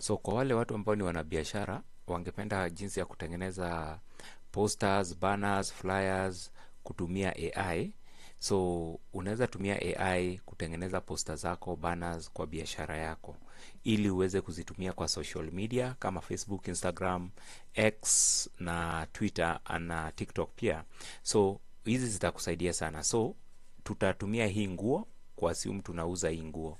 So kwa wale watu ambao ni wanabiashara, wangependa jinsi ya kutengeneza posters, banners, flyers kutumia AI. So unaweza tumia AI kutengeneza posta zako, banners kwa biashara yako, ili uweze kuzitumia kwa social media kama Facebook, Instagram, X na Twitter na TikTok pia. So hizi zitakusaidia sana. So tutatumia hii nguo kwa simu, tunauza hii nguo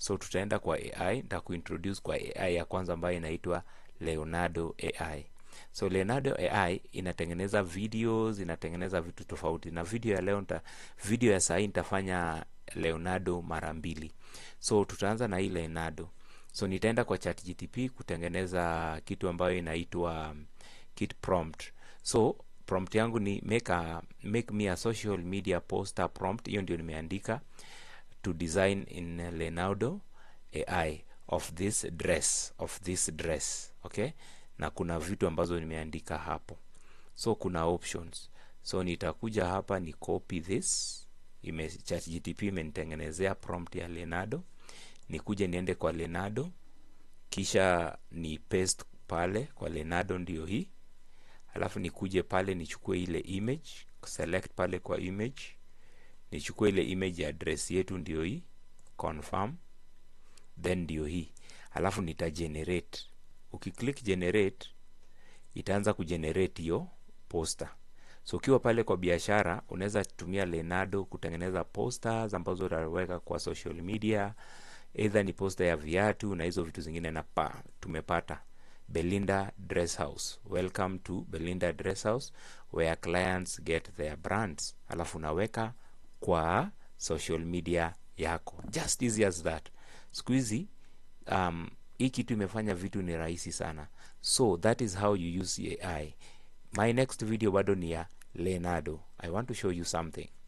So tutaenda kwa AI na kuintroduce kwa AI ya kwanza ambayo inaitwa Leonardo AI. So Leonardo AI inatengeneza videos, inatengeneza vitu tofauti na video ya leo nita, video ya sahii nitafanya Leonardo mara mbili. So tutaanza na hii Leonardo. So nitaenda kwa chat gtp kutengeneza kitu ambayo inaitwa kit prompt. So prompt yangu ni make a, make me a social media poster prompt. Hiyo ndio nimeandika to design in Leonardo AI of this dress, of this dress. Okay, na kuna vitu ambazo nimeandika hapo, so kuna options. So nitakuja hapa ni copy this ime chat gtp imenitengenezea prompt ya Leonardo, nikuje niende kwa Leonardo kisha ni paste pale kwa Leonardo, ndio hii. Alafu nikuje pale nichukue ile image, select pale kwa image nichukue ile image address yetu ndio hii confirm, then ndio hii alafu nita generate. Ukiklik generate itaanza kugenerate hiyo poster. So ukiwa pale kwa biashara unaweza tumia Lenado kutengeneza posters ambazo utaweka kwa social media, either ni poster ya viatu na hizo vitu zingine. Na pa tumepata Belinda Dress House. Welcome to Belinda Dress House where clients get their brands. Alafu naweka kwa social media yako, just easy as that. Siku hizi um, hii kitu imefanya vitu ni rahisi sana, so that is how you use AI. My next video bado ni ya Leonardo. I want to show you something.